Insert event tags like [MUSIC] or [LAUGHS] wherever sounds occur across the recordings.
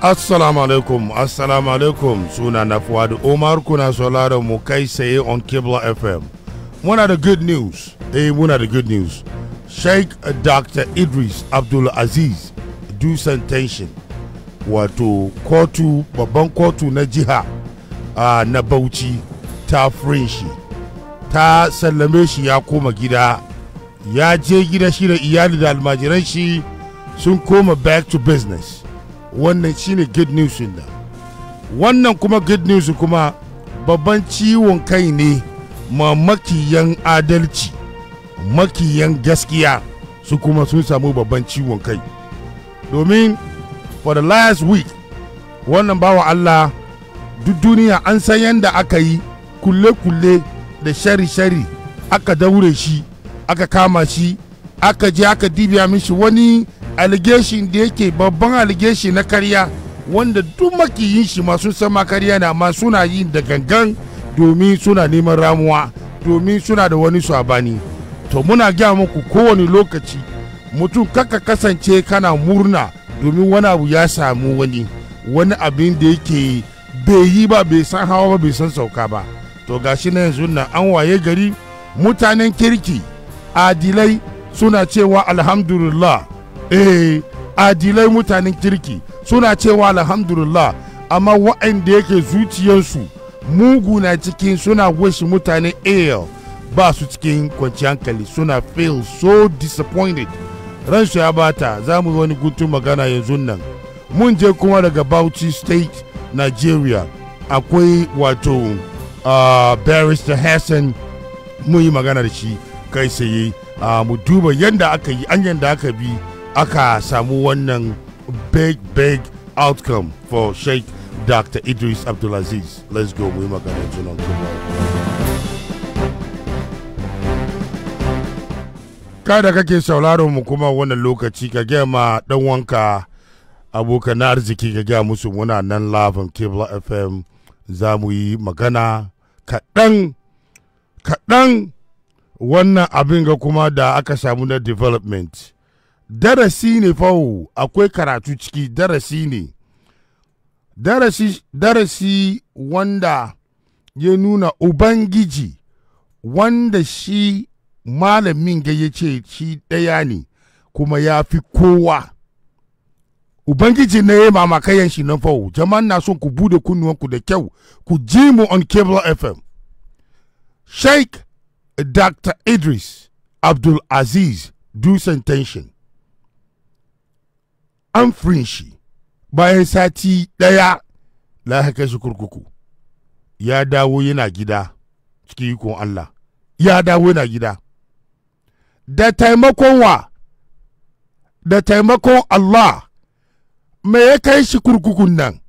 Assalamu alaikum, Assalamu alaikum suna na fuwadu Omar kuna sauraron mu kai saye on Kibla FM. Muna da good news, eh muna da good news. Sheikh Dr. Idris Abdul Aziz Dusan Tension wato kotu babban kotu na jiha uh, na Bauchi ta shi ta sallame shi ya koma gida ya je gida shi da iyali da almajiran shi sun koma back to business. wannan shine good news da wannan kuma good news kuma babban ciwon kai ne ma makiyan adalci makiyan gaskiya su kuma sun samu babban ciwon kai domin for the last week wannan bawa Allah duk duniya an san yadda aka yi kulle-kulle da shari-shari aka daure shi aka kama shi aka je aka dibiya mishi wani allegation da yake babban allegation na karya wanda duk makiyin shi masu sama karya na amma suna yin da gangan domin suna neman ramuwa domin suna da wani sabani to muna gaya muku kowane lokaci mutum kaka kasance kana murna domin wani abu ya samu wani wani abin da yake bai yi ba bai san hawa ba bai san sauka ba to gashi na yanzu na an waye gari mutanen kirki adilai suna cewa alhamdulillah eh adilai mutanen kirki suna cewa alhamdulillah amma wa'anda yake zuciyarsu mugu na cikin suna wish mutane air ba su cikin kwanci hankali suna feel so disappointed ransu ya bata za mu wani gutun magana yanzu nan mun je kuma daga bauchi state nigeria akwai wato uh, barrister hassan mun yi magana da shi kai saye uh, mu duba yadda aka yi an yadda aka bi aka samu wannan big big outcome for sheikh dr idris abdulaziz let's go mu yi magana junan kada kake sauraron mu kuma wannan lokaci ka gaya ma dan wanka abokan na arziki ka gaya musu muna nan lafin kebla fm za mu yi magana kaɗan kaɗan wannan abin ga kuma da aka samu na development darasi ne fawo akwai karatu ciki darasi ne darasi, darasi wanda ya nuna ubangiji wanda shi malamin ga ya ce shi ɗaya ne kuma ya fi kowa ubangiji na ya mamakayan shi na fawo jama'an na son ku bude kunnuwanku da kyau ku ji mu on cable fm sheikh dr idris abdul aziz dusan tension an firin shi bayan sati ɗaya ya kai shi kurkuku ya dawo yana gida cikin ikon Allah ya dawo yana gida da taimakon wa da taimakon Allah me ya kai shi kurkukun nan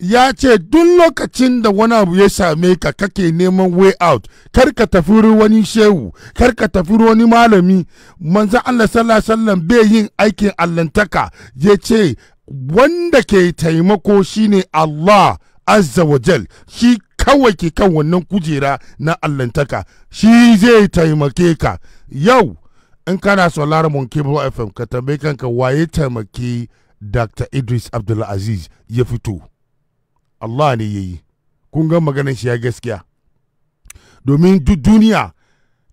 ya ce duk lokacin da wani abu ya same ka kake neman way out kar ka tafi wani shehu kar ka tafi wani malami manzan Allah sallallahu alaihi bai yin aikin allantaka ya ce wanda ke taimako shine Allah azza wa shi kawai ke kan wannan kujera na allantaka shi zai taimake ka yau in kana sauraron mun cable fm ka tambaye kanka waye taimaki dr idris abdulaziz ya fito Allah ne ya yi kun ga maganar shi ya gaskiya domin duk duniya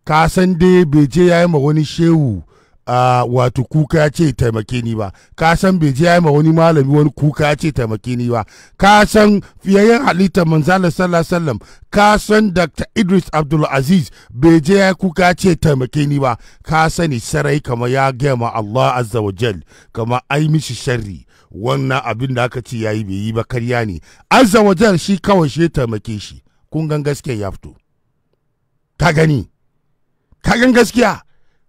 ka san dai bai je ya yi ma wani shehu a wato kuka ya ce taimake ni ba ka san bai je ya ma wani malami wani kuka ya ce taimake ni ba ka san fiyayyen halitta manzala sallallahu ka san dr idris abdul aziz bai je ya kuka ya ce taimake ni ba ka sani sarai kama ya gama allah azza wa jal kama ai mishi sharri wannan abin da aka ce yi bai yi ba karya ne azza wajen shi kawai shi taimake shi kun gan gaskiya ya fito ka gani ka gan gaskiya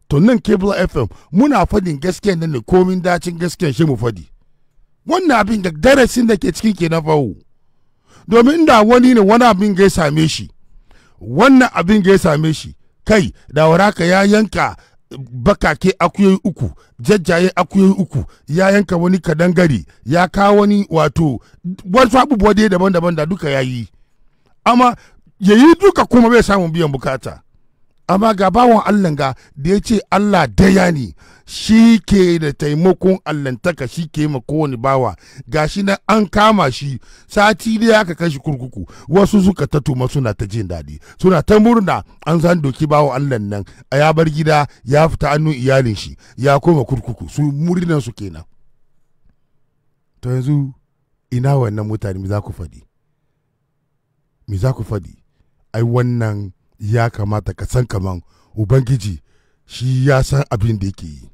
to nan cable fm muna fadin gaskiya nan ne komin dacin gaskiya shi mu fadi wannan abin da darasin da ke cikin ke na fawo domin da wani ne wani abin ga ya same shi wannan abin ga ya same shi kai da waraka ya yanka bakake akuyoyi uku jajjaye akuyoyi uku ya yanka wani kadangare ya kawo wani wato wasu abubuwa dai daban-daban da duka ya yi amma ya yi duka kuma bai samun biyan bukata amma ga bawan allah ga da ya ce allah daya ne shi ke da taimakon allantaka shi ke ma kowane bawa ga shi na an kama shi sati da ya kai shi kurkuku wasu suka ta tuma suna ta jin daɗi suna ta murna an san doki bawa allan nan a ya bar gida ya fita hannun iyalin shi ya koma kurkuku su murnan su kenan to yanzu ina wannan mutane za me za ku faɗi ai wannan ya kamata ka san kaman ubangiji shi ya san abin da yake yi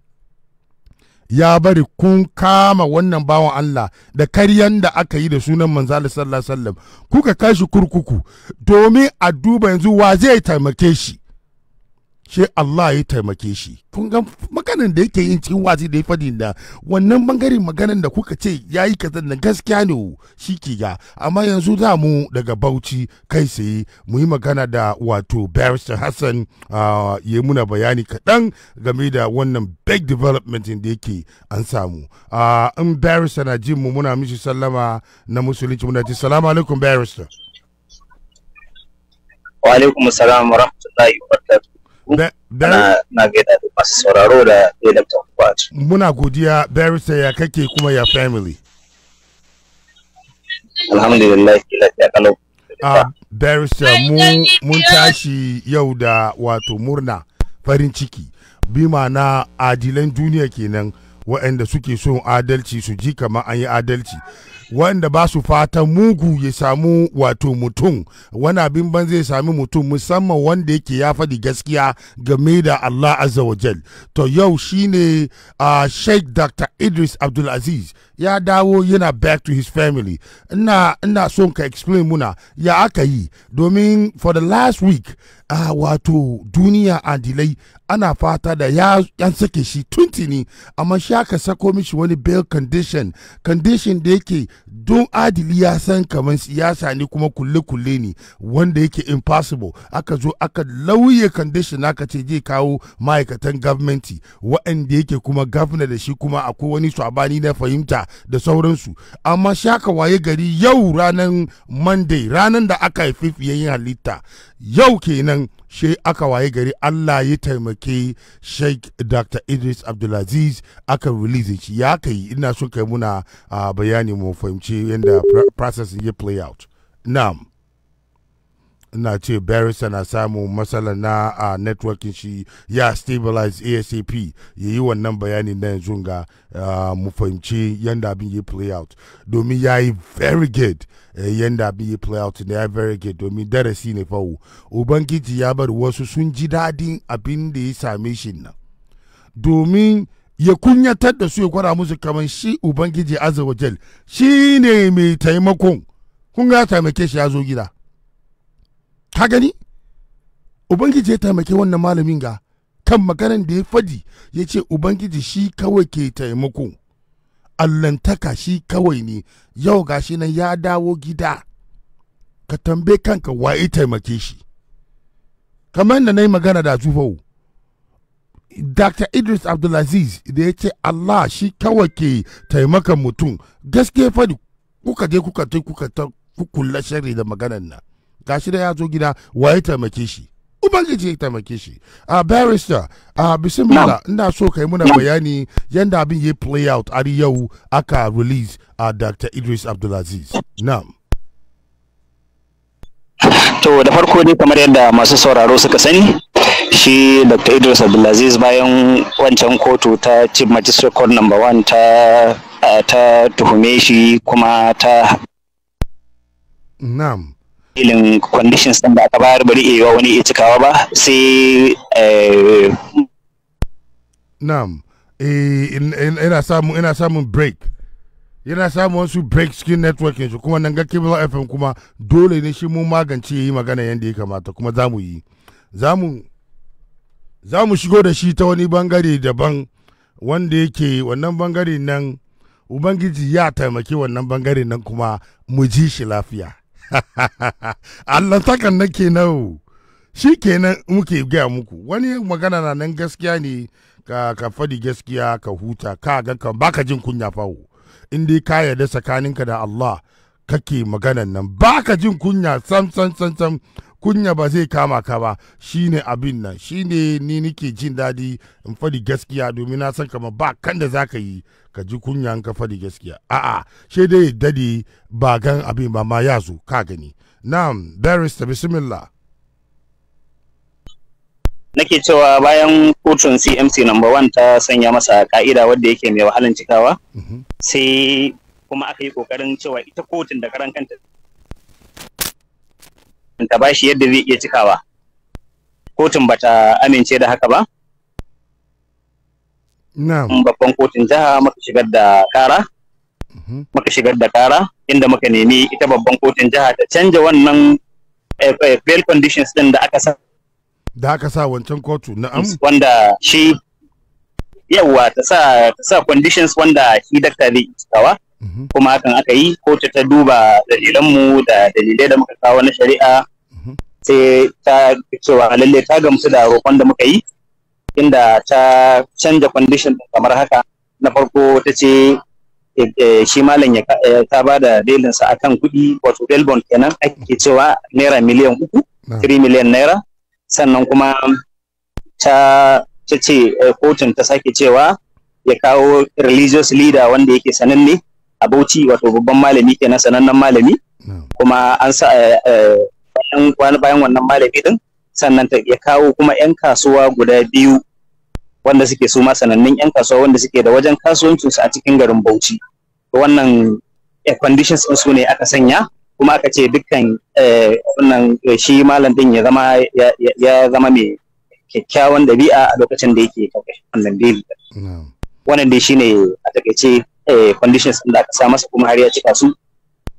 ya bari kun kama wannan bawan Allah da karyan da aka yi da sunan manzali sallallahu alaihi wasallam kuka kashi kurkuku domin a duba yanzu wa zai taimake shi shi Allah ya taimake shi kun ga maganan da yake yin cikin wazi da ya fadi da wannan bangaren maganan da kuka ce ya yi kaza da gaskiya ne shi ke ga amma yanzu za mu daga Bauchi kai sai mu yi magana da wato Barrister Hassan uh, ya muna bayani kaɗan game da wannan big development da yake an samu uh, in Barrister na jin mu muna mishi sallama na musulunci muna ce salamu alaikum Barrister wa alaikum salam wa rahmatullahi wa barakatuh na Muna godiya barista ya kake kuma ya family. Alhamdulillah ya kalau. A ah, barista mun tashi yau da wato murna farin ciki bima na adilan duniya kenan waɗanda suke son adalci su ji kamar an yi adalci. wanda ba su fata mugu ya samu wato mutum wani abin ban zai sami mutum musamman wanda yake ya faɗi gaskiya game da Allah azza wa jal to yau shine a uh, Sheikh Dr. Idris Abdulaziz ya dawo yana back to his family ina ina son ka explain muna ya aka yi domin for the last week uh, wato duniya a delay ana fata da ya yan sake shi tini amma shi aka sako mishi wani bail condition condition da yake don adili ya san kamar siyasa ne kuma kulle-kulle ne wanda yake impossible aka zo aka lauye condition aka ce zai kawo ma'aikatan gwamnati waɗanda yake kuma gafina da shi kuma akwai wani sabani na fahimta da sauransu amma shaka waye gari yau ranar monday ranar da aka haifi yin halitta yau kenan she aka waye gari allah ya taimake sheikh dr idris abdulaziz aka release shi ya kai ina so kai muna ah, bayani mu fahimci yadda process ya play out na'am na ce barista na samu matsala na a networking shi ya stabilize asap ya yi wannan bayani na yanzu ga mu fahimci yadda abin yi play out domin ya yi very good eh, yadda abin yi play out ne ya very good domin darasi ne fawo ubangiji ya bar wasu sun ji dadin abin da ya same shi nan domin ya kunyatar da su ya kwara musu kamar shi ubangiji azawajal shi ne mai taimakon kun ga taimake shi ya zo gida ka gani ubangiji ya taimake wannan malamin ga kan maganan da ya fadi ya ce ubangiji shi kawai ke taimako allantaka shi kawai ne yau gashi nan ya dawo gida ka tambe kanka waye taimake shi kamar da na yi magana da zufau dr idris abdulaziz da ya ce allah shi kawai ke taimakan mutum gaske fadi kuka je kuka ta kuka ta kulla shari da maganan nan gashi da ya zo gida wa ya taimake shi ubangiji ya taimake shi a uh, barrister a uh, bismillah ina so kai muna bayani yadda abin ya play out ari yau aka release a uh, dr idris abdulaziz na'am to da farko ne kamar yadda masu sauraro suka sani shi dr idris abdulaziz bayan wancan kotu ta chief magistrate court number one ta ta tuhume shi kuma ta na'am ilin conditions ɗin da aka bayar bari iya wani iya cikawa ba sai eh, na'am eh, ina samun ina samun break yana samun wasu break skin networking shi kuma nan ga cable fm kuma dole ne shi mu magance yi magana yadda ya kamata kuma za mu yi za mu shigo da shi ta wani bangare daban wanda yake wannan bangare nan ubangiji ya taimaki wannan bangare nan kuma mu ji shi lafiya [LAUGHS] Allah takan ke nau shi kenan muke gaya muku wani magana na nan gaskiya ne ka ka fadi gaskiya ka huta ka ga ka baka jin kunya fawo in dai ka yarda tsakaninka da Allah kake maganan nan baka jin kunya sam sam sam sam kunya ba zai kama ka ba shine abin nan shine ni nike jin daɗi in faɗi gaskiya domin na san kama ba kan da ka yi ka ji kunya ka faɗi gaskiya a'a she dai dadi ba gan abin ba ma ya zo ka gani na'am barista bismillah nake cewa bayan kotun cmc number one ta sanya masa ka'ida wadda yake mai wahalan cikawa mhm. sai kuma aka yi kokarin cewa ita kotun da karan kanta ta bashi yadda zai iya cikawa kotun bata amince da haka ba na'am babban kotun jiha muka shigar da kara mm-hmm. muka shigar da kara inda muka nemi ita babban kotun jiha ta canja wannan eh, eh, bail conditions din da aka sa da aka sa wancan kotu na'am wanda shi yawa ta sa ta sa conditions wanda shi dakta zai cikawa Mhm. kuma hakan aka yi kotu ta duba dalilanmu da dalilai da muka kawo na shari'a mhm. sai ta cewa lalle ta gamsu da roƙon da muka yi inda ta canja condition kamar haka na farko ta ce eh, eh, shi malam eh, ta ba da belinsa akan kuɗi wato Belbon kenan ake cewa naira miliyan uku 3 miliyan naira sannan kuma ta ce kotun ta sake cewa ya kawo religious leader wanda yake sananne a Bauchi wato babban malami kenan sanannen malami kuma an sa eh, eh, bayan wannan malami din sannan ya kawo kuma 'yan kasuwa guda biyu wanda suke su sanannun 'yan kasuwa wanda suke da wajen kasuwancin su a cikin garin Bauchi wannan air conditions din su ne aka sanya kuma aka ce dukkan eh, wannan shi malam din ya zama ya zama mai kyakkyawan dabi'a a lokacin da yake wannan wannan dai shine a takaice Eh, conditions da aka sa masa kuma har ya cika su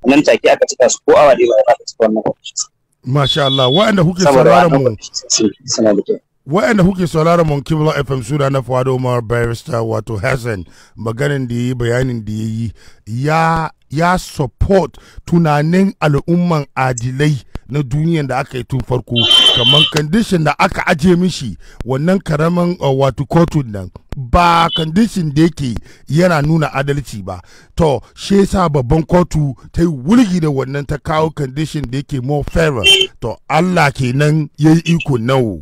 nan take aka cika su ko awa ɗaya ba aka cika wannan conditions Masha Allah, wa'anda kuke sauraron mu. Wa'anda kuke sauraron mu Kibla FM suna na Fuad Umar Barrister wato Hassan maganin da yi bayanin da ya yi ya ya support tunanin al'umman adilai na duniyan da aka yi tun farko kamar condition da aka aje mishi wannan karamin uh, wato kotun nan ba condition da yake yana nuna adalci ba to shi yasa babban kotu ta yi wulgi da wannan ta kawo condition da yake more fairer to Allah kenan yi iko nawo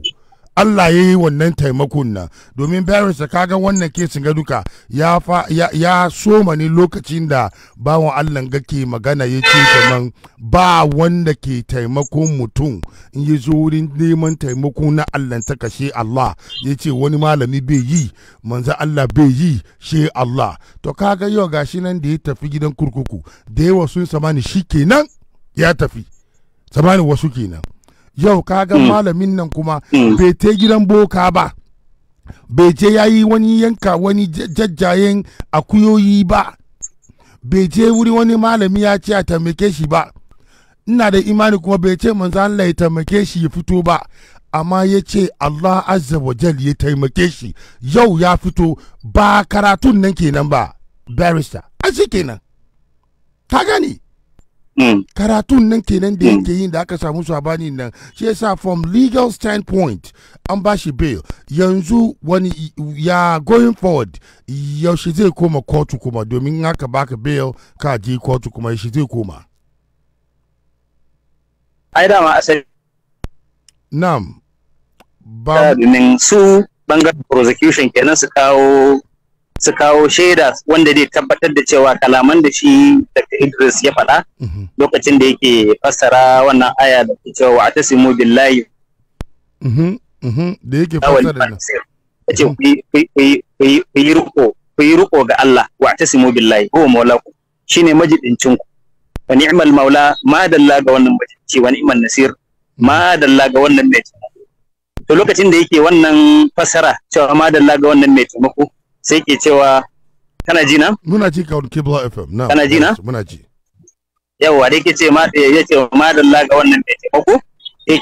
Allah ya yi wannan taimakon nan domin Paris da kaga wannan kesin ga duka ya fa ya, soma ne lokacin da bawan Allah ga ke magana ya ce kaman ba wanda ke taimakon mutum in ya zo wurin neman taimako na Allah ta kashe Allah ya ce wani malami bai yi manzo Allah bai yi she Allah to kaga yau gashi nan da ya tafi gidan kurkuku da yawa sun samani shi ya tafi samani wasu kenan yau kaga hmm. malamin nan kuma hmm. bai te gidan boka ba bai je ya yi wani yanka wani jajjayen akuyoyi ba bai je wuri wani malami ya ce a taimake shi ba ina da imani kuma bai ce manzo Allah ya taimake shi ya fito ba amma ya ce Allah azza wa jal ya taimake shi yau ya fito ba karatun nan kenan ba barrister a shi kenan ka gani Mm. karatun nan kenan da mm. yake yin da aka samu sabani nan shi yasa from legal standpoint an ba shi bail yanzu wani ya going forward yaushe zai koma kotu kuma domin haka baka bail ka je kotu kuma yaushe zai koma ai dama asali nam ba domin su bangaren prosecution kenan su kawo su kawo shaida wanda zai tabbatar da cewa kalaman da shi daga Idris ya faɗa mhm. lokacin da yake fassara wannan aya da ke cewa a tasimu billahi mhm, mhm, da yake fassara ce ku yi riko ga Allah wa tasimu billahi huwa maulaku shine majidincin ku wa ni'mal maula ma dalla ga wannan majidinci wa ni'mal nasir ma dalla ga wannan mai to lokacin da yake wannan fasara cewa ma dalla ga wannan mai taimako sai ke cewa kana ji na? Muna ji ka Kibla FM. Na. Kana ji na? Muna ji. Yawwa dai ke ce ma eh, ya ce ma dalla ga wannan mai taimako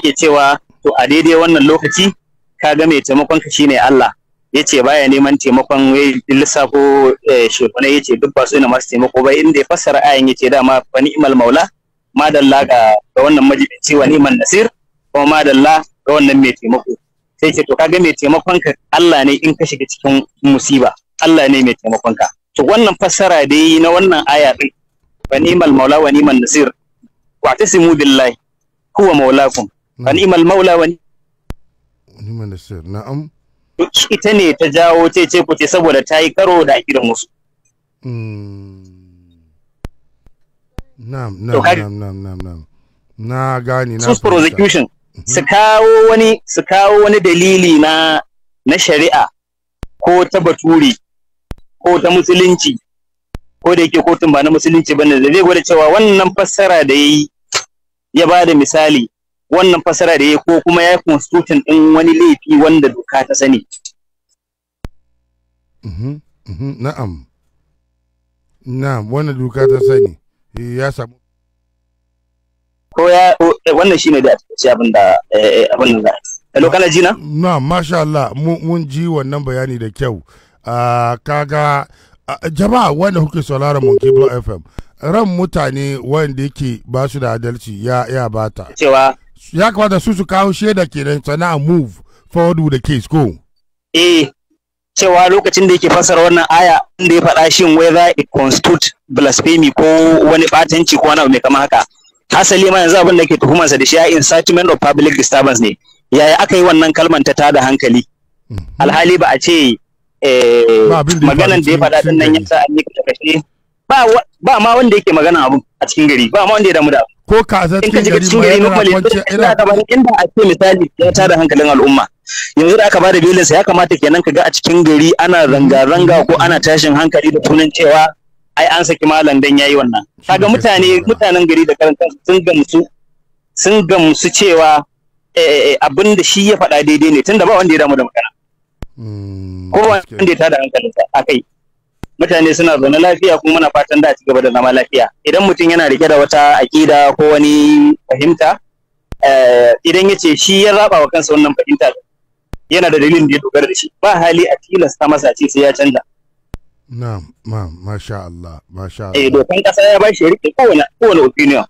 ke cewa to a daidai wannan lokaci ka ga mai taimakon ka shine Allah. ya ce baya neman taimakon lissafo eh, shekunai ya ce duk ba su ina masu taimako ba inda ya fassara ayan ya ce dama ba ni'mal maula Ma ga ga wannan majalisi wa ni'mal nasir kuma madalla ga wannan mai taimako sai ce to kaga mai taimakon ka Allah ne in ka shiga cikin musiba Allah ne mai taimakon ka to wannan fassara da yi na wannan aya din wa ni'mal maula wa ni'mal nasir wa tasimu billahi huwa maulakum wa hmm. ni'mal maula wa ni'mal nasir na'am ita ne ta jawo ce ce ku ce saboda ta yi karo da akidar musu hmm. Na'am, na'am, na'am, na'am, na'am. Na gani na. Sus prosecution. su kawo wani su kawo wani dalili na na shari'a ko ta baturi ko ta musulunci ko da yake kotun ba na musulunci bane da zai gwada cewa wannan fassara da yayi ya ba da misali wannan fassara da yayi ko kuma ya constitution din wani laifi wanda doka ta sani na'am na'am wannan doka ta sani eh, ya samu ko ya eh, wannan shine da ce abin da eh, eh, abin da hello kana ji na na masha Allah mun ji wannan bayani da kyau ah, kaga ah, jama'a wanda kuke saurara mun Kibla FM ran mutane wanda yake ba su da adalci ya ya bata cewa ya kamata su su kawo shaida kenan sana'a move forward with the case ko eh cewa lokacin da yake fasara wannan aya inda ya faɗa shin whether it constitute blasphemy ko wani batanci ko wani mai kama haka hasali ma yanzu abin da ke tuhumansa da shi ya incitement of public disturbance ne yaya aka yi wannan kalman ta tada hankali mhm. alhali ba a ce eh, maganan da ya faɗa din nan ya sa an yi kashe ba ma wanda yake magana abu a cikin gari ba ma wanda ya damu da ko ka a cikin gari cikin gari mun bale ina da ban inda a ce misali ya tada hankalin al'umma yanzu da aka bada bilin sa ya kamata kenan ka ga a cikin gari ana ranga ranga ko ana tashin hankali da tunan cewa ai an saki malam dan yayi wannan kaga mutane mutanen gari da karanta sun gamsu sun gamsu cewa eh, eh, eh, abin da shi ya faɗa daidai ne tunda ba wanda ya damu da magana hmm, ko wanda ya tada hankalinsa a kai mutane suna zaune lafiya kuma muna fatan da a ci gaba da zama lafiya idan mutum yana rike da wata aƙida ko wani fahimta idan ya ce shi ya raba wa kansa wannan fahimta yana da dalilin da ya dogara da shi ba hali a tilasta masa ce sai ya canza Na'am, na'am, masha Allah, masha eh, Allah. Eh dokan kasa ya bashi rike kowane kowane opinion.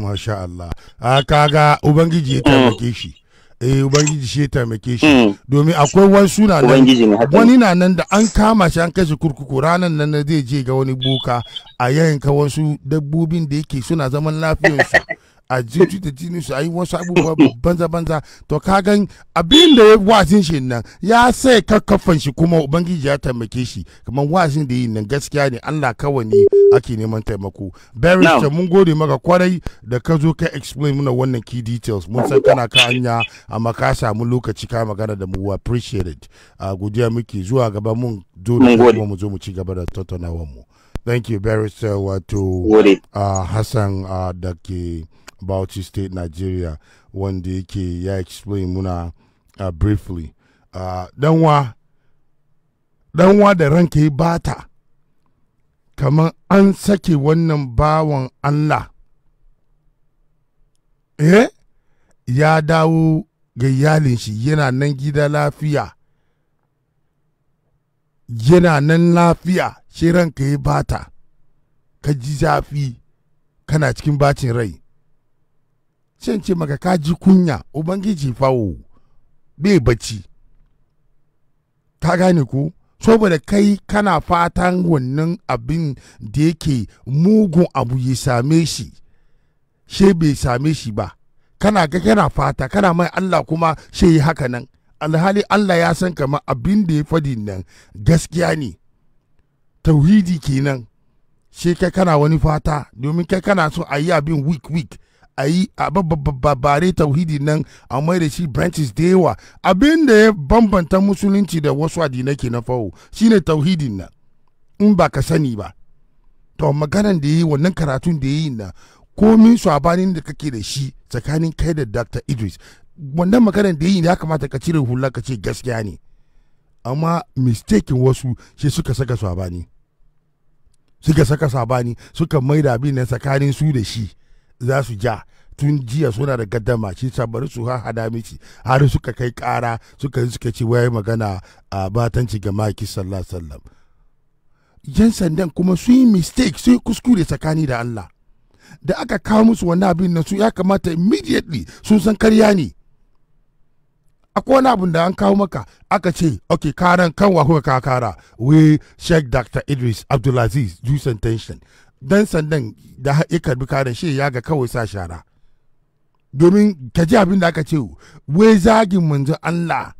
Masha Allah. A ah, kaga Ubangiji ya taimake mm. shi. Eh Ubangiji shi ya taimake shi. Mm. Domin akwai wasu na nan wani na nan da an kama shi an kashe kurkuku ranan nan zai je ga wani buka a yayin ka wasu dabbobin da yake suna zaman lafiyarsu. [LAUGHS] a jiju da jinin su a yi wasu abubuwa banza banza to ka gan abin da ya wasin shi nan ya sai kakkafan shi kuma ubangiji ya taimake shi kamar wasin da yi nan gaskiya ne Allah kawai ne ake neman taimako Barrister mun gode maka kwarai da ka zo ka explain muna wannan key details mun san kana ka hanya amma ka samu lokaci ka magana da mu it a godiya muke zuwa gaba mun zo da kuma mu zo mu ci gaba da tattaunawar mu thank you barrister wato uh, Hassan da ke Bauchi State, Nigeria, wanda yake ya explain muna uh, briefly. Uh, danwa, danwa da ranka yi bata, kamar an sake wannan bawan Allah. Eh? Ya dawo ga iyalin shi yana nan gida lafiya. Yana nan lafiya, shi ranka bata, ka ji zafi, kana cikin bacin rai. sai ce maka ka ji kunya ubangiji fawo bai bacci ka gane ko saboda kai kana fatan wannan abin da yake mugun abu ya same shi she bai same shi ba kana ga kana fata kana mai Allah kuma she yi haka nan alhali Allah ya san kama abin da ya fadi nan gaskiya ne tauhidi kenan she kai kana wani fata domin kai kana so a yi abin week week a yi a babbare tauhidi nan a mai da shi branches da yawa abin da ya bambanta musulunci da wasu addinai ke na fawo shine tauhidin nan in ba ka sani ba to maganan da yi wannan karatun da yi na komin sabanin da kake da shi tsakanin kai da dr idris wannan maganan da yi ya kamata ka cire hula ka ce gaskiya ne amma mistakin wasu shi suka saka sabani suka saka sabani suka maida abin na tsakanin su da shi za su ja tun jiya suna da gaddama shi sabari su ha hada miki har suka kai kara suka suka ce waye magana a batanci ga maki sallallahu sallam yan sandan kuma su yi mistake su yi kuskure tsakani da Allah da aka kawo musu wani abin nan su ya kamata immediately sun san karya ne akwai wani abin da an kawo maka aka ce ok karan kan wa kuka kara we sheikh dr idris abdulaziz due tension dan sandan da ya karbi karin shi ya ga kawai sa shara domin ka ji abin da aka ce wai zagin manzon Allah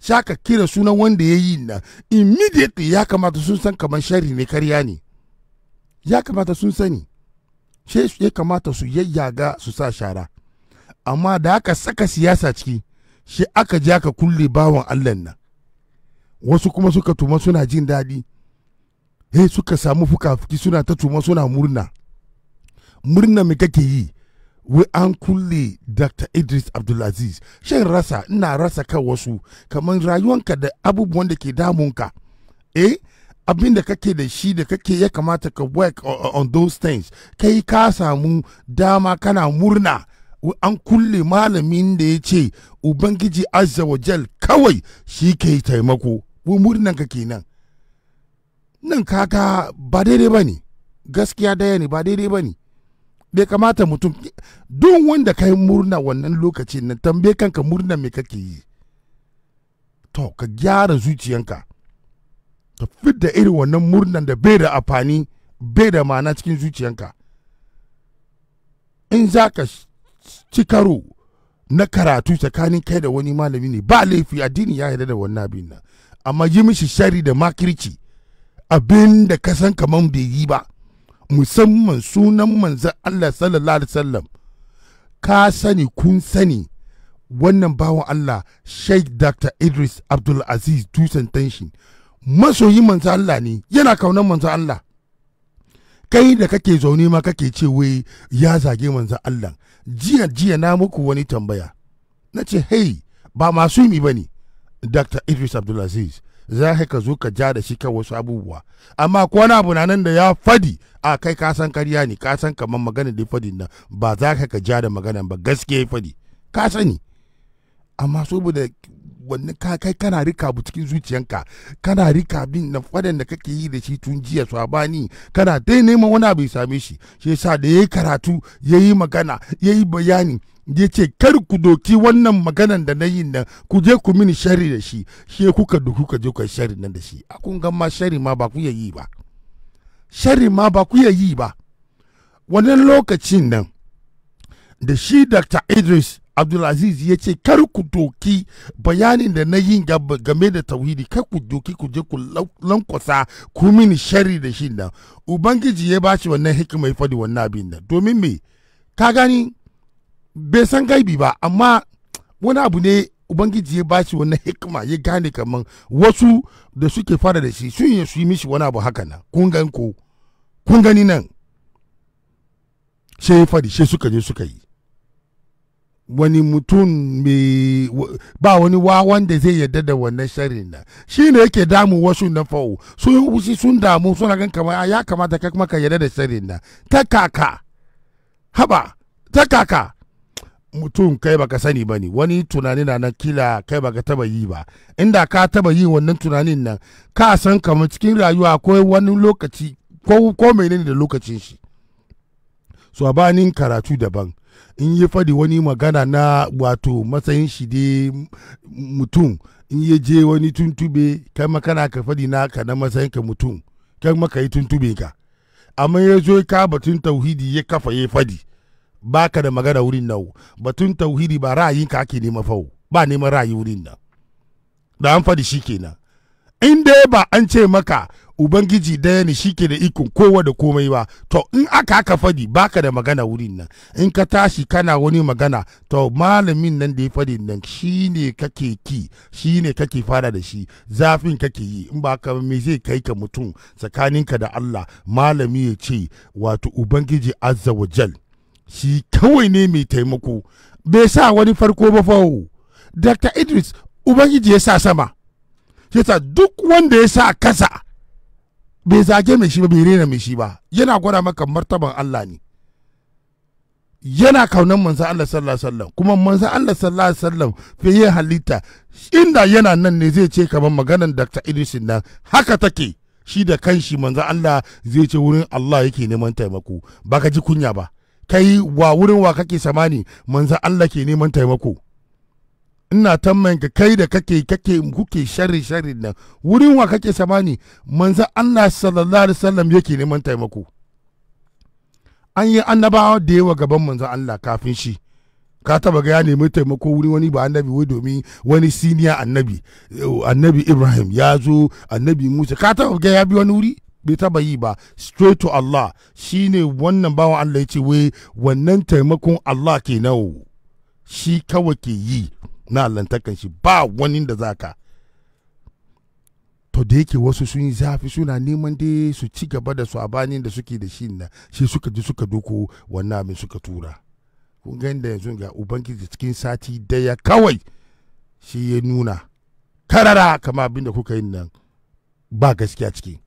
shaka kira sunan wanda ya yi na immediately ya kamata sun san kamar shari ne karya ne ya kamata sun sani she ya kamata su yayyaga su sa shara amma da aka saka siyasa ciki shi aka ja aka kulle bawan Allah nan wasu kuma suka tuma suna jin daɗi he suka samu fuka-fuki suna ta tuma suna murna murna me kake yi we an kulle dr idris abdulaziz shan rasa ina rasa kan wasu kamar rayuwanka da abubuwan da ke damunka eh abin da kake da shi da kake ya kamata ka work on those things kai ka samu dama kana murna an kulle malamin da ya ce ubangiji azza wa kawai shi ke taimako murnan ka kenan nan kaka ba daidai ba ne gaskiya daya ne ba daidai ba ne bai kamata mutum don wanda ka yi murna wannan lokaci na tambe kanka murna me kake yi to ka gyara zuciyanka ka fidda irin wannan murnan da bai da amfani bai da ma'ana cikin zuciyanka in za ka ci karo na karatu tsakanin kai da wani malami ne ba laifi addini ya yarda da wannan abin nan amma yi mishi shari da makirci abin da ka san kamar bai yi ba musamman sunan manzan Allah sallallahu alaihi wasallam ka sani kun sani wannan bawan Allah Sheikh Dr. Idris Abdul Aziz Dusan tanshi masoyi manzo Allah ne yana kaunar manzo Allah kai da kake zaune ma kake ce wai ya zage manzo Allah jiya jiya na muku wani tambaya na ce hey ba masu yi ba ne Dr. Idris abdul aziz. za ka zo ka ja da shi kan wasu abubuwa amma ko abu na nan da ya fadi a kai ka san karya ne ka san kamar magana da fadi nan ba za ka ka ja da magana ba gaskiya ya fadi ka sani amma saboda wannan kakai kana rika bu cikin zuciyanka kana rika bin na da kake yi da shi tun jiya su bani kana dai neman wani abu same shi shi yasa da yayi karatu yayi magana yayi bayani ya ce kar ku doki wannan maganan da na yi nan ku je ku mini shari da shi shi kuka duku ka je ku shari nan da shi a kun ma shari ma ba ku ya yi ba shari ma ba ku ya yi ba wannan lokacin nan da shi dr idris abdulaziz ya ce kar ku doki bayanin da na yi game da tauhidi kar ku doki ku je ku lankwasa ku mini shari da shi nan ubangiji ya bashi wannan hikima ya faɗi wannan abin nan domin me ka gani bai san gaibi ba amma wani abu ne ubangiji ya bashi wannan hikima ya gane kaman wasu da suke fara da shi sun yi su yi mishi wani abu haka nan kun ko kun gani nan sai ya faɗi sai suka je suka yi wani mutum mai ba wani wawan da zai yarda da wannan sharin na shi ne yake damu wasu na fa'o sun wusi sun damu suna gan kamar ah, ya kamata ka kuma ka yarda da sharin na ta kaka haba ta kaka mutum kai baka sani bane wani tunani na nan kila kai baka taba yi ba inda ka taba yi wannan tunanin nan ka san kamar cikin rayuwa ko wani lokaci ko menene da lokacin shi so karatu daban in yi fadi wani magana na wato matsayin shi dai mutum in yi je wani tuntube kai makana ka fadi na ka na matsayin ka mutum kai maka yi tuntube ka amma ya zo ka batun tauhidi ya kafa ya fadi ka da magana wurin nan batun tauhidi ba ra'ayin ka ake nema fawo ba neman ra'ayi wurin nan da an fadi shi kenan in dai ba an ce maka ubangiji daya ne shike da ikon kowa da komai ba to in aka haka fadi baka da magana wurin nan in ka tashi kana wani magana to malamin nan da ya fadi nan shine kake ki shine kake fara da shi zafin kake yi in ba me zai kai ka mutum tsakaninka da Allah malami ya ce wato ubangiji azza wa jal shi kawai ne mai taimako bai sa wani farko ba fawo Dr. Idris Ubangiji ya sa sama, yasa duk wanda ya sa kasa bai zage mai shi ba bai rena mai shi ba yana gwada maka martaban Allah ne yana kaunan manzan Allah sallallahu alaihi wasallam kuma manzan Allah sallallahu alaihi wasallam fiye halitta inda yana nan ne zai ce kamar maganar Dr. Idris nan haka take shi da kanshi manzan Allah zai ce wurin Allah yake neman taimako ba ka ji kunya ba kai wa wurin wa kake samani manzan Allah ke neman taimako ina ka kai da kake kake kuke sharri sharri nan wurin wa kake samani manzan Allah sallallahu alaihi wasallam yake neman taimako an yi annabawa da yawa gaban manzan Allah kafin shi ka taba ga ya nemi taimako wuri wani ba annabi wai domin wani siniya annabi eh, annabi Ibrahim ya zo annabi Musa ka taba ga ya bi wani wuri bai taba yi ba straight to Allah shine wannan bawan Allah ya ce wai wannan taimakon Allah ke nawo shi kawai ke yi na lantarkan shi ba wani da za ka to da yake wasu sun yi zafi suna neman dai su ci gaba da su a bani da suke da shi na shi suka ji suka doko wannan abin suka tura kun ga inda yanzu ga ubangiji cikin sati daya kawai shi ya nuna karara kama abin da kuka yi nan ba gaskiya ciki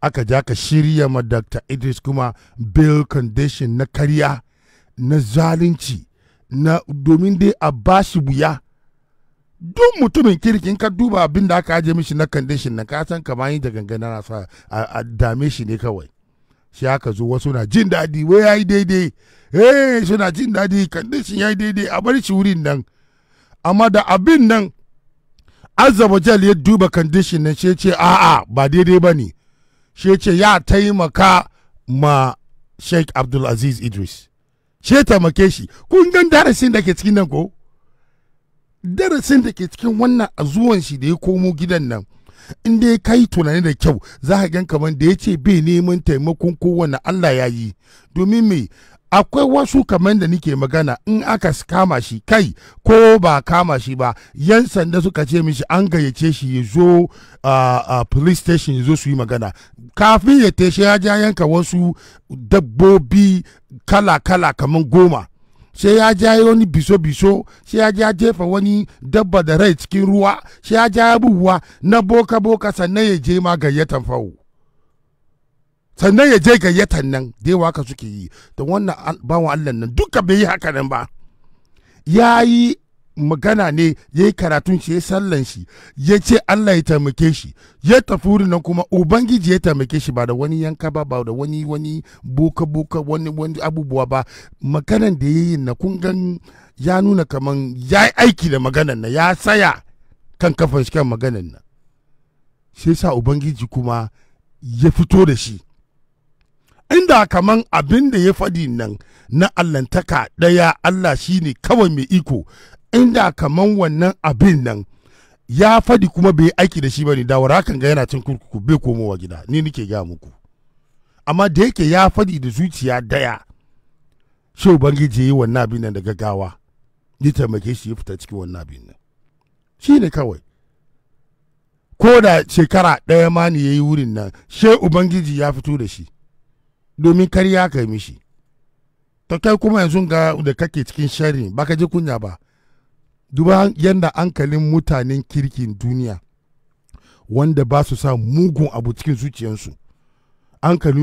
aka ja ka shirya ma dr idris kuma bail condition na karya na zalunci na domin dai a bashi wuya duk mutumin kirki in ka duba abin da aka aje mishi na condition na ka san kamar yin da gangana na sa a dame shi ne kawai shi aka zo wasu na jin daɗi wai ya yi daidai eh suna jin daɗi condition yi daidai a bari shi wurin nan amma da abin nan azabajal ya duba condition nan shi ce a'a ba daidai ba ne shi ce ya taimaka ma sheikh abdulaziz idris she taimake shi kun gan darasin da ke cikin nan ko darasin da ke cikin wannan a zuwan shi da ya komo gidan nan in dai ya kai tunani da kyau za ka gan kamar da ya ce bai neman taimakon kowane Allah ya yi domin me akwai wasu kamar da nike magana in aka kama shi kai ko ba kama shi ba yan sanda suka ce mishi an gayyace shi ya zo a police station ya zo su yi magana kafin ya teshe ya ja yanka wasu dabbobi kala-kala kamar goma sai ya ja wani biso-biso sai ya ja jefa wani dabba da rai cikin ruwa sai ya ja abubuwa na boka-boka sannan ya je ma gayyatan fawo sannan ya je gayyatan nan da yawa ka suke yi da wannan bawan allah nan duka bai yi haka nan ba ya yi magana ne ya yi karatun shi ya sallan shi ya ce allah ya taimake shi ya tafi wurin nan kuma ubangiji ya taimake shi ba da wani yanka ba ba da wani wani boka boka wani wani abubuwa ba maganan da ya yi na kun ya nuna kaman ya yi aiki da maganan nan ya saya kan kafan shi kan maganan nan shi sa ubangiji kuma ya fito da shi inda kaman abin da ya faɗi nan na allantaka ɗaya Allah shi ne kawai mai iko inda kaman wannan abin nan ya faɗi kuma bai aiki da shi ba ne da kan ga yana cin kurkuku bai komowa gida ni nike gaya muku amma da yake ya faɗi da zuciya ɗaya shi ubangiji ya yi wannan abin nan da gaggawa ya taimake shi ya fita cikin wannan abin nan shi ne kawai ko da shekara ɗaya ma ne ya yi wurin nan shi ubangiji ya fito da shi domin karya ka yi mishi ta kai kuma yanzu ga da kake cikin shari ba ka ji kunya ba duba yadda hankalin mutanen kirkin duniya wanda ba su sa mugun abu cikin zuciyarsu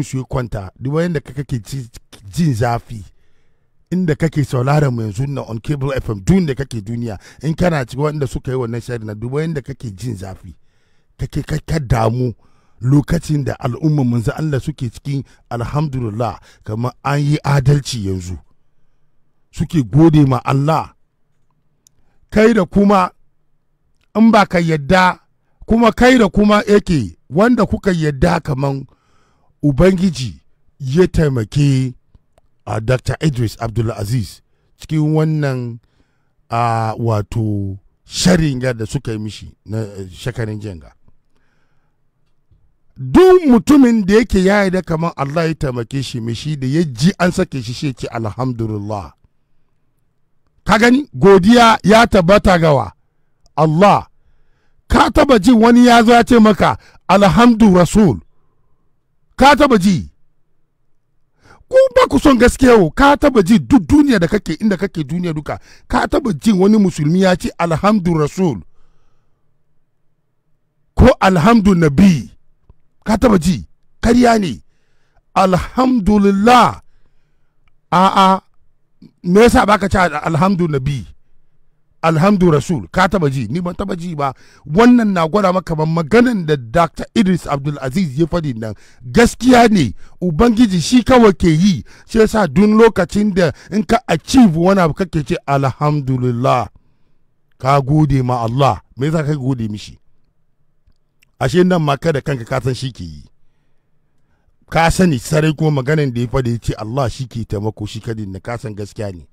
su yi kwanta duba yadda kake jin zafi inda kake sauraron yanzu na on cable fm duk da kake duniya in kana cikin wanda suka yi wannan shari na duba yadda kake jin zafi kake ka damu lokacin da al'umma manzo Allah suke cikin alhamdulillah kamar an yi adalci yanzu suke gode ma Allah kai da kuma in ba ka yadda kuma kai da kuma yake wanda kuka yadda kaman ubangiji ya taimake a dr idris abdulaziz cikin wannan uh, wato sharin da suka yi mishi na eh, shakarin jenga duk mutumin da yake ya da kamar Allah ya taimake shi mishi da ya ji an sake shi shi ke alhamdulillah ka gani godiya ya tabbata gawa Allah ka taba ji wani ya zo ya ce maka alhamdu rasul ka taba ji ku ba ku son gaskiya wo ka taba ji duk duniya da kake inda kake duniya duka ka taba ji wani musulmi ya ce alhamdu rasul ko alhamdu nabi ka taba ji karya ne alhamdulillah a'a me yasa baka ci alhamdu nabi alhamdu rasul ka taba ji ni ban taba ji ba wannan na gwada maka ban maganan da dr idris abdul aziz ya faɗi nan gaskiya ne ubangiji shi kawai ke yi shi yasa dun lokacin da in ka achieve wani abu kake ce alhamdulillah ka gode ma allah me yasa ka gode mishi ashe nan ma kada kanka ka san shi ke yi ka sani sarai kuma maganin da ya faɗi ya ce Allah shi ke taimako shi kadin na ka san gaskiya ne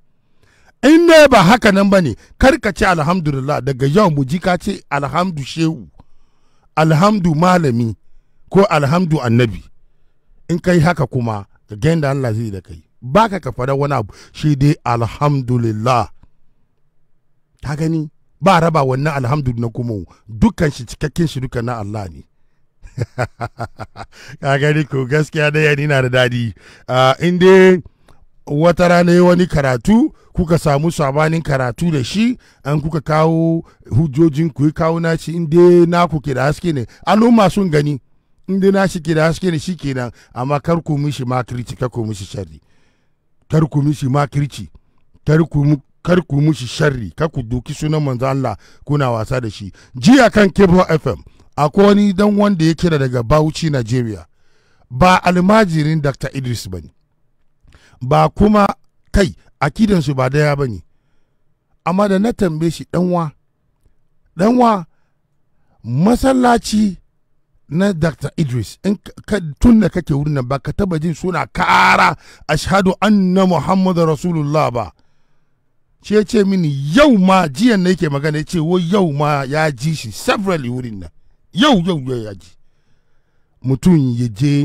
in ne ba haka nan ba ne kar ka ce alhamdulillah daga yau mu ji ka ce alhamdu shehu alhamdu malami ko alhamdu annabi in kai haka kuma ka da Allah zai da kai baka ka fara wani abu shi dai alhamdulillah ta gani ba raba wannan alhamdu kuma dukkan shi cikakken shi duka na Allah ne [LAUGHS] ka gani ko gaskiya da yani na da dadi in dai wata rana wani karatu kuka samu sabanin karatu da shi an kuka kawo hujjojin ku kawo shi in dai naku ke da haske ne al'umma sun gani in dai nashi ke da haske ne shi kenan amma kar ku mishi makirci kar ku mishi sharri kar ku mishi makirci kar ku kar ku mushi sharri kar ku doki sunan manzo Allah kuna wasa da shi jiya kan kebo FM akwai wani dan wanda ya kira daga Bauchi Nigeria ba almajirin Dr. Idris bane ba kuma kai akidan su ba daya bane amma da na tambaye shi danwa danwa masallaci na Dr. Idris in tun da kake wurin nan ba ka taba jin suna kara ashhadu anna Muhammadu Rasulullah ba shi ya ce mini yau ma jiyan na yake magana ya ce wai yau ma ya ji shi several wurin nan yau yau yau ya ji mutum ya je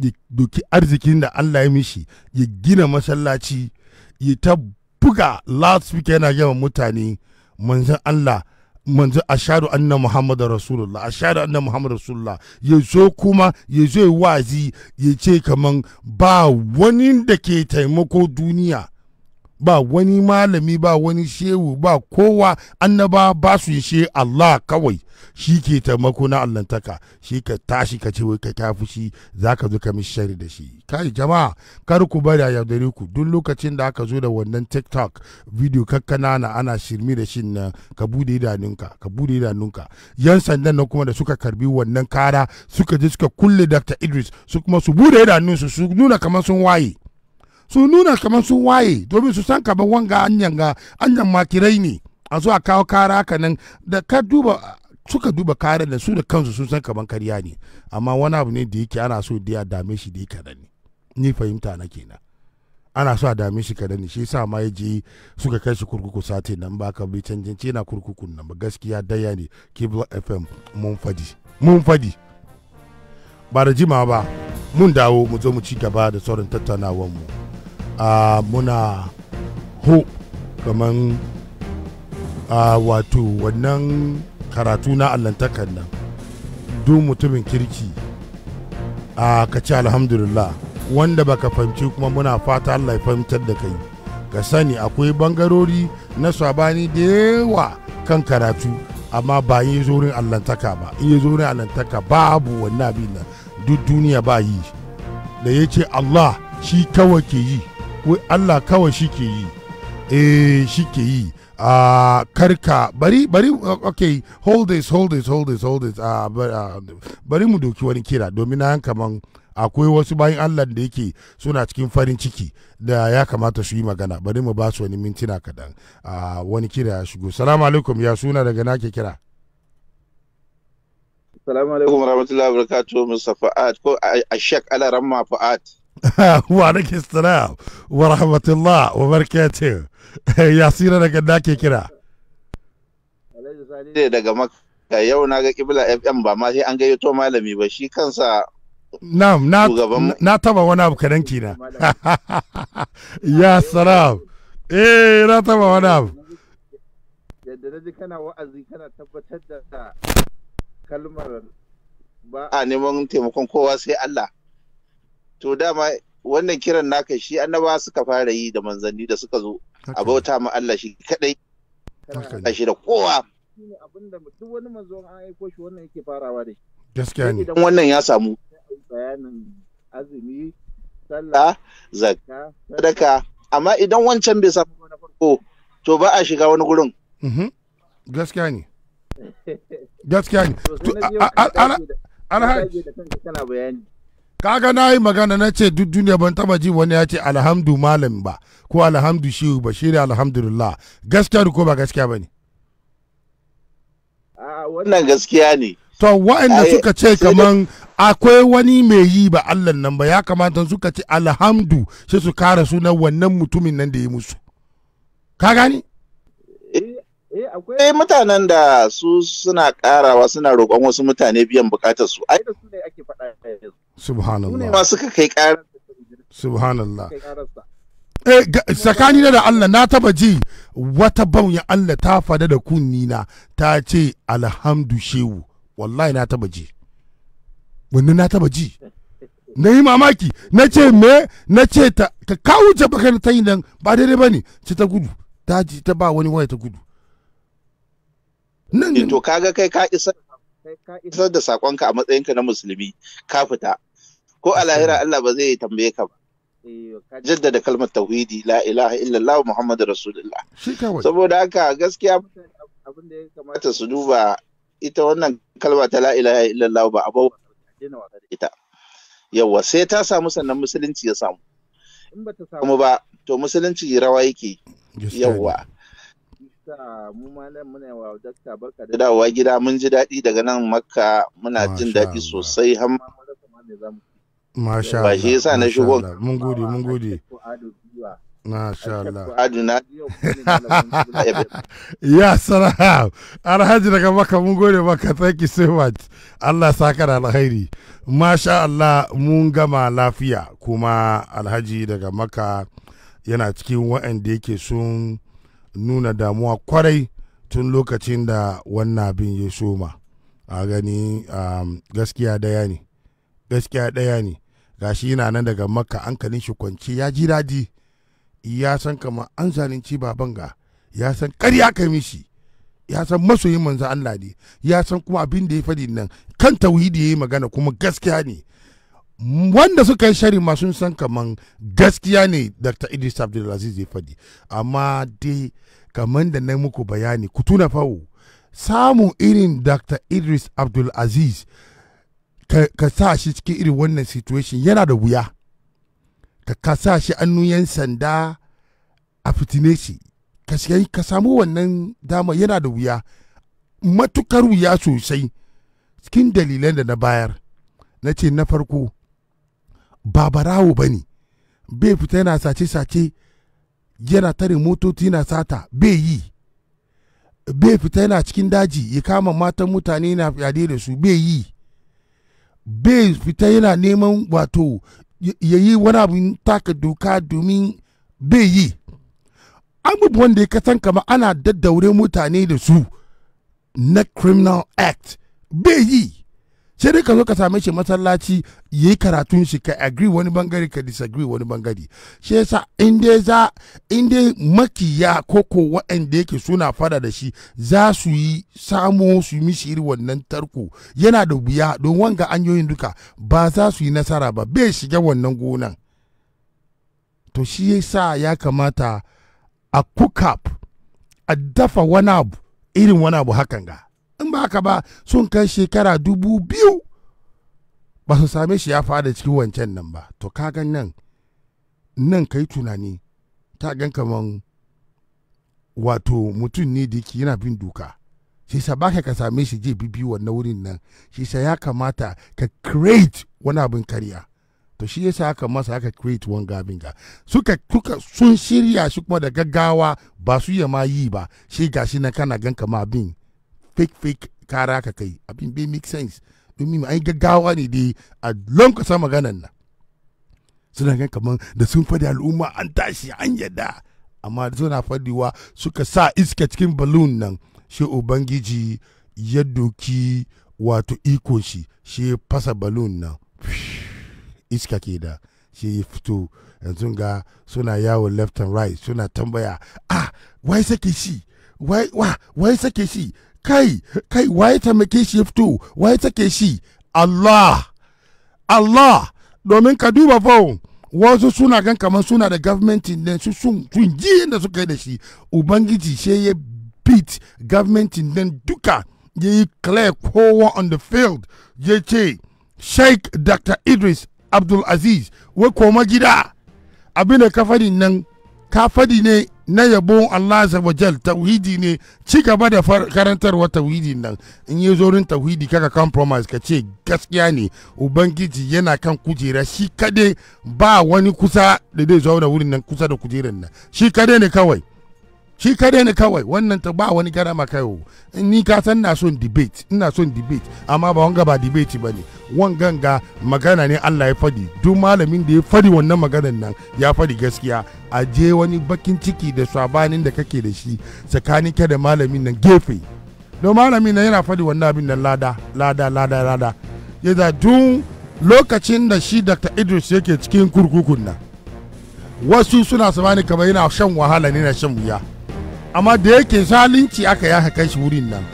ya doki arzikin da Allah ya mishi ya gina masallaci ya ta buga week yana gama mutane manzon Allah manzo ashadu anna muhammad rasulullah ashadu anna muhammad rasulullah ya zo kuma ya zo wazi ya ce kaman ba wani da ke taimako duniya ba wani malami ba wani shehu ba kowa annaba ba su she Allah kawai shi ke taimako na allantaka shi ka tashi ka ce wai ka ta fushi za ka zo ka mishari da shi kai jama'a kar ku bari a yaudare ku duk lokacin da aka zo da wannan tiktok video kakkana ana shirmi da shin na ka bude idanunka ka bude idanunka yan sandan nan kuma da suka karbi wannan kara suka je suka kulle dr idris su kuma su bude idanunsu su nuna kamar sun waye su nuna kamar sun waye domin su san kamar wanga anyan ga anyan makirai ne a zuwa kawo kara haka nan da ka duba suka duba karar da su da kansu sun san kamar karya ne amma wani abu ne da yake ana so da ya dame shi da yake ne ni fahimta na kenan ana so a dame shi kadan ne shi yasa ma ya je suka kai shi kurkuku sati nan ba ka bi canjance na kurkukun nan ba gaskiya daya ne kibla fm mun fadi ba da jima ba mun dawo mu zo mu ci gaba da sauran tattaunawar mu uh, muna ho kamar uh, wato wannan karatu na allantakar nan duk mutumin kirki a uh, ka alhamdulillah wanda baka fahimci kuma muna fata Allah ya fahimtar da kai ka sani akwai bangarori na sabani da yawa kan karatu amma ba yi zorin allantaka ba in yi zorin allantaka babu wannan abin nan duk duniya ba yi da ya ce Allah shi kawai ke yi Allah kawai shi ke yi eh shi ke yi a ah, karka bari bari ok hold this hold this hold this hold this uh, bari mu doki wani kira domin na kaman akwai wasu bayan allah da yake suna cikin farin ciki da ya kamata su yi magana bari mu ba su wani mintuna kaɗan a wani kira ya shigo salamu alaikum ya suna daga nake kira salamu alaikum rahmatullahi wabarakatuh musa fa'ad ko ashek alaramma fa'ad [LAUGHS] Wa'alaikis salam wa rahmatullah wa barkatu. [LAUGHS] Yasira daga da kira. yau na ga Kibla FM ba ma sai an gayyato malami ba shi kansa Na'am na na taba wani abu kadan kina. [LAUGHS] ya salam. Eh na taba wani abu. Yadda na ji kana wa'azi kana tabbatar da kalmar ba a neman taimakon kowa sai Allah. to dama wannan kiran naka shi annaba suka fara yi da manzanni da suka zo a bauta ma Allah shi kadai a shi da kowa abinda duk wani manzon an aiko shi wannan yake farawa da gaskiya ne idan wannan ya samu bayanin azumi sallah ah, zakka sadaka amma idan wancan bai samu na farko to ba a shiga wani gurin mhm. gaskiya ne [LAUGHS] gaskiya ne ana kaga na yi magana na ce duk duniya ban taba ji wani ya ce alhamdu malam ba ko alhamdu shi ba shi ne alhamdulillah gaskiya ko ba gaskiya ba ne ah, wannan gaskiya ne to wa'anda suka ce kaman akwai wani mai yi ba allah nan ba ya kamata suka ce alhamdu sai su kara sunan wannan mutumin nan da ya musu ka gani eh, eh, akwai mutanen da su suna karawa suna roƙon wasu mutane biyan bukatar su ai da su ne ake faɗa yanzu subhanallah ma suka kai subhanallah eh, da Allah na taba ji wata bauyin Allah ta fada da kunni na ta ce alhamdu shehu wallahi na taba ji wannan na taba ji na yi mamaki na ce me na ce ta ka kawo jabakar ta yi nan ba daidai ba ne ce ta gudu ta ji ta ba wani waya ta gudu nan eh, to kaga kai ka isar da sakonka a matsayinka na musulmi ka fita ko a lahira Allah ba zai tambaye ka ba eh, jaddada kalmar tauhidi la ilaha illallah muhammadu rasulullah saboda haka gaskiya abin da ya kamata su duba ita wannan kalma ta la ilaha illallah ba abu ita Yawwa sai ta samu sannan musulunci ya samu in ba ta samu ba to musulunci rawa yake Yawwa. dakta mu muna wa dakta barka da dawowa gida mun ji daɗi daga nan makka muna jin daɗi sosai har ma mu rasa ma me zamu Masha Allah. Ba shi na shigo. Mun gode, mun gode. Masha Allah. [LAUGHS] Ya salam. Alhaji daga maka mun gode maka thank you so much. Allah ka da alheri Masha Allah mun gama lafiya kuma Alhaji daga maka yana cikin waɗanda yake sun nuna damuwa kwarai tun lokacin da wannan abin ya soma. A gani um, gaskiya daya ne. Gaskiya daya ne. gashi yana nan daga makka an hankalin shi kwance ya ji daɗi ya san kama an zalunci baban ga ya san karya ka mishi ya san masoyin manzo Allah ne ya san kuma abin da ya faɗi nan kan tauhidi ya yi magana kuma gaskiya ne wanda suka yi shari masu san kaman gaskiya ne dr idris abdulaziz ya faɗi amma dai kaman da na muku bayani ku tuna fawo samun irin dr idris abdulaziz ka sa shi cikin irin wannan situation yana da wuya ka ka sa shi annuyan sanda a fitine shi ka samu wannan dama yana da wuya matukar wuya sosai cikin dalilan da na bayar na ce na farko ba barawo ba ne bai fita yana sace-sace yana tare motoci yana sata bai yi bai fita yana cikin daji ya kama matan mutane na fyade da su bai yi bai fita yana neman wato ya yi wani abin taka doka domin bai yi abubuwan da ya kasan kama ana daddaure mutane da su na criminal act bai yi sai dai ka zo ka same shi masallaci ya yi karatun shi ka agree wani bangare ka disagree wani bangare shi yasa in in dai makiya ko ko waɗanda yake suna fada da shi za su yi samu su yi mishi iri wannan tarko yana da wuya don wanga anyoyin duka ba za su yi nasara ba bai shiga wannan gonan to shi yasa ya kamata a cook a dafa wani abu irin wani abu hakan ga in ba haka ba sun kai shekara dubu biyu ba su same shi ya fada cikin wancan nan ba to kagan nan nan ka yi tunani ta gan kaman wato mutum ne da yake yana bin duka shi sa baka ka same shi je bibi wannan wurin nan shi sa ya kamata ka create wani abin karya to shi yasa aka masa aka create one abin ga suka kuka sun shirya shi kuma da gaggawa ba su yi ma yi ba shi gashi na kana gan kama abin fake fake kara ka kai abin bai make sense domin ai gaggawa ne dai a lokacin maganan na. suna gan kamar da sun fadi al'umma an tashi an yadda amma suna fadiwa suka sa iska cikin balloon nan shi ubangiji ya doki wato iko shi shi fasa balloon nan iska ke da shi ya fito yanzu ga suna yawon left and right suna tambaya ah wai sake shi wai sake shi kai kai waye taimake shi ya fito waye take shi Allah Allah domin ka duba fa wasu suna gan kamar suna da gwamnati ne su sun sun ji da suka yi da shi ubangiji she ya beat gwamnati nan duka ya yi clear kowa on the field ya ce sheikh dr idris abdul aziz wai koma gida abin da ka fadi nan ka fadi ne na yabon Allah azza tauhidi ne ci gaba da karantarwa tauhidi nan in yi zorin tauhidi kaka compromise ka ce gaskiya ne ubangiji yana kan kujera shi kade ba wani kusa da zai zauna wurin nan kusa da kujeran nan shi kade ne kawai shi ka ne kawai wannan ta ba wani gyara maka yau ni ka san na son debate ina son debate amma ba wanga ba debate bane wangan ga magana ne Allah ya fadi duk malamin da ya fadi wannan maganar nan ya fadi gaskiya a je wani bakin ciki da sabanin da kake da shi tsakanin ke da malamin nan gefe don malamin nan yana fadi wannan abin nan lada lada lada lada ya da duk lokacin da shi Dr. Idris yake cikin kurkukun nan wasu suna samani kamar yana shan wahala ne na shan wuya amma da yake zalunci aka ya kai shi wurin nan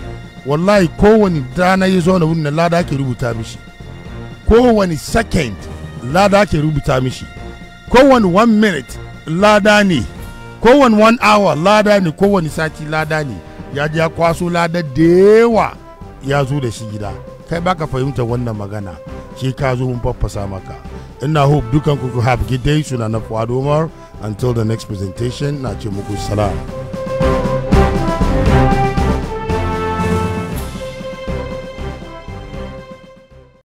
wallahi kowane dana ya zo na wurin nan lada ke rubuta mishi kowane second lada ke rubuta mishi kowane one minute lada ne kowane one hour lada ne kowane sati lada ne ya ji kwaso lada da yawa ya zo da shi gida kai baka fahimta wannan magana shi ka zo mun faffasa maka ina hope dukan ku have good day suna na fuwa domar until the next presentation na ce muku salam